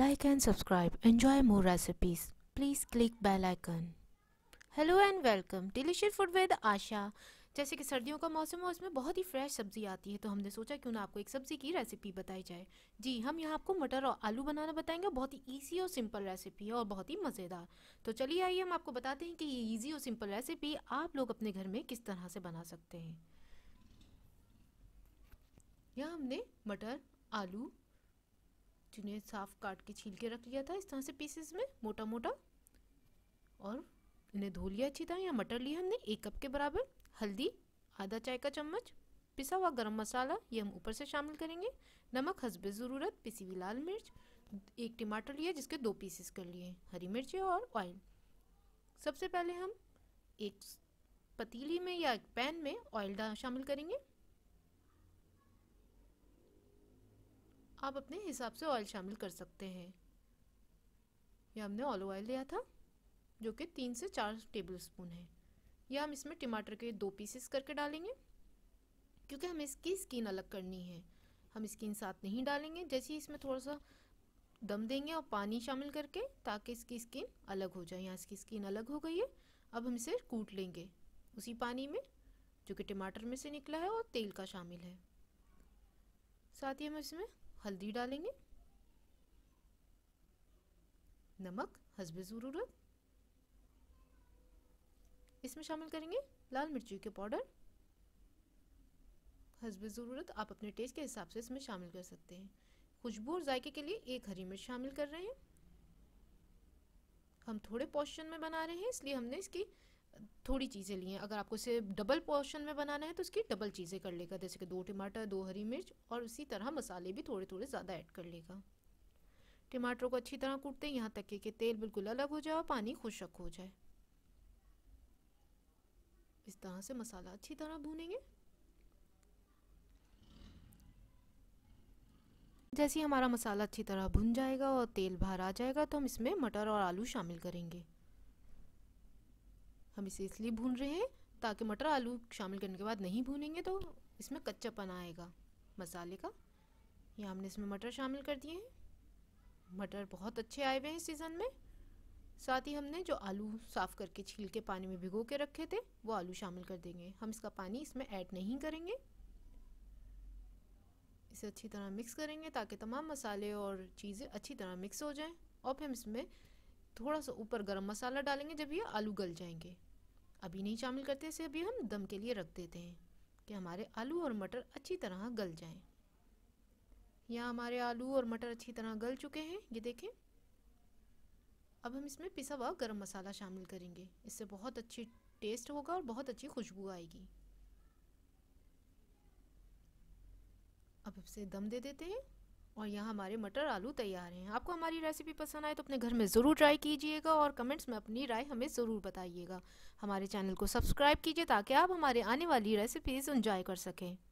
like and subscribe enjoy more recipes please click bell icon hello and welcome delicious food with asha जैसे कि सर्दियों का मौसम है उसमें बहुत ही फ्रेश सब्ज़ी आती है तो हमने सोचा क्यों ना आपको एक सब्ज़ी की रेसिपी बताई जाए जी हम यहाँ आपको मटर और आलू बनाना बताएंगे बहुत ही ईजी और सिंपल रेसिपी है और बहुत ही मज़ेदार तो चलिए आइए हम आपको बताते हैं कि ये ईजी और सिंपल रेसिपी आप लोग अपने घर में किस तरह से बना सकते हैं यहाँ हमने मटर आलू जिन्हें साफ काट के छील के रख लिया था इस तरह से पीसेस में मोटा मोटा और इन्हें धो लिया अच्छी तरह या मटर लिया हमने एक कप के बराबर हल्दी आधा चाय का चम्मच पिसा हुआ गरम मसाला ये हम ऊपर से शामिल करेंगे नमक हसब ज़रूरत पिसी हुई लाल मिर्च एक टमाटर लिया जिसके दो पीसेस कर लिए हरी मिर्च और ऑयल सबसे पहले हम एक पतीली में या एक पैन में ऑयल शामिल करेंगे आप अपने हिसाब से ऑयल शामिल कर सकते हैं यह हमने ऑलिव ऑयल लिया था जो कि तीन से चार टेबल स्पून है यह हम इसमें टमाटर के दो पीसेस करके डालेंगे क्योंकि हमें इसकी स्किन अलग करनी है हम स्किन साथ नहीं डालेंगे जैसे ही इसमें थोड़ा सा दम देंगे और पानी शामिल करके ताकि इसकी स्किन अलग हो जाए यहाँ इसकी स्किन अलग हो गई है अब हम इसे कूट लेंगे उसी पानी में जो कि टमाटर में से निकला है और तेल का शामिल है साथ ही हम इसमें हल्दी डालेंगे नमक हसब ज़रूरत इसमें शामिल करेंगे लाल मिर्ची के पाउडर हसब ज़रूरत आप अपने टेस्ट के हिसाब से इसमें शामिल कर सकते हैं खुशबू और जायके के लिए एक हरी मिर्च शामिल कर रहे हैं हम थोड़े पोशन में बना रहे हैं इसलिए हमने इसकी थोड़ी चीज़ें ली हैं अगर आपको इसे डबल पोर्शन में बनाना है तो इसकी डबल चीज़ें कर लेगा जैसे कि दो टमाटर दो हरी मिर्च और उसी तरह मसाले भी थोड़े थोड़े ज़्यादा ऐड कर लेगा टमाटरों को अच्छी तरह कूटते हैं यहाँ तक कि तेल बिल्कुल अलग हो जाए और पानी खुशक हो जाए इस तरह से मसाला अच्छी तरह भूनेंगे जैसे ही हमारा मसाला अच्छी तरह भुन जाएगा और तेल बाहर आ जाएगा तो हम इसमें मटर और आलू शामिल करेंगे हम इसे इसलिए भून रहे हैं ताकि मटर आलू शामिल करने के बाद नहीं भूनेंगे तो इसमें कच्चापन आएगा मसाले का ये हमने इसमें मटर शामिल कर दिए हैं मटर बहुत अच्छे आए हुए हैं सीज़न में साथ ही हमने जो आलू साफ़ करके छील के पानी में भिगो के रखे थे वो आलू शामिल कर देंगे हम इसका पानी इसमें ऐड नहीं करेंगे इसे अच्छी तरह मिक्स करेंगे ताकि तमाम मसाले और चीज़ें अच्छी तरह मिक्स हो जाएं और फिर हम इसमें थोड़ा सा ऊपर गरम मसाला डालेंगे जब ये आलू गल जाएंगे अभी नहीं शामिल करते इसे अभी हम दम के लिए रख देते हैं कि हमारे आलू और मटर अच्छी तरह गल जाएं। यहाँ हमारे आलू और मटर अच्छी तरह गल चुके हैं ये देखें अब हम इसमें पिसा हुआ गर्म मसाला शामिल करेंगे इससे बहुत अच्छी टेस्ट होगा और बहुत अच्छी खुशबू आएगी अब इसे दम दे देते हैं और यहाँ हमारे मटर आलू तैयार हैं आपको हमारी रेसिपी पसंद आए तो अपने घर में ज़रूर ट्राई कीजिएगा और कमेंट्स में अपनी राय हमें ज़रूर बताइएगा हमारे चैनल को सब्सक्राइब कीजिए ताकि आप हमारे आने वाली रेसिपीज़ इन्जॉय कर सकें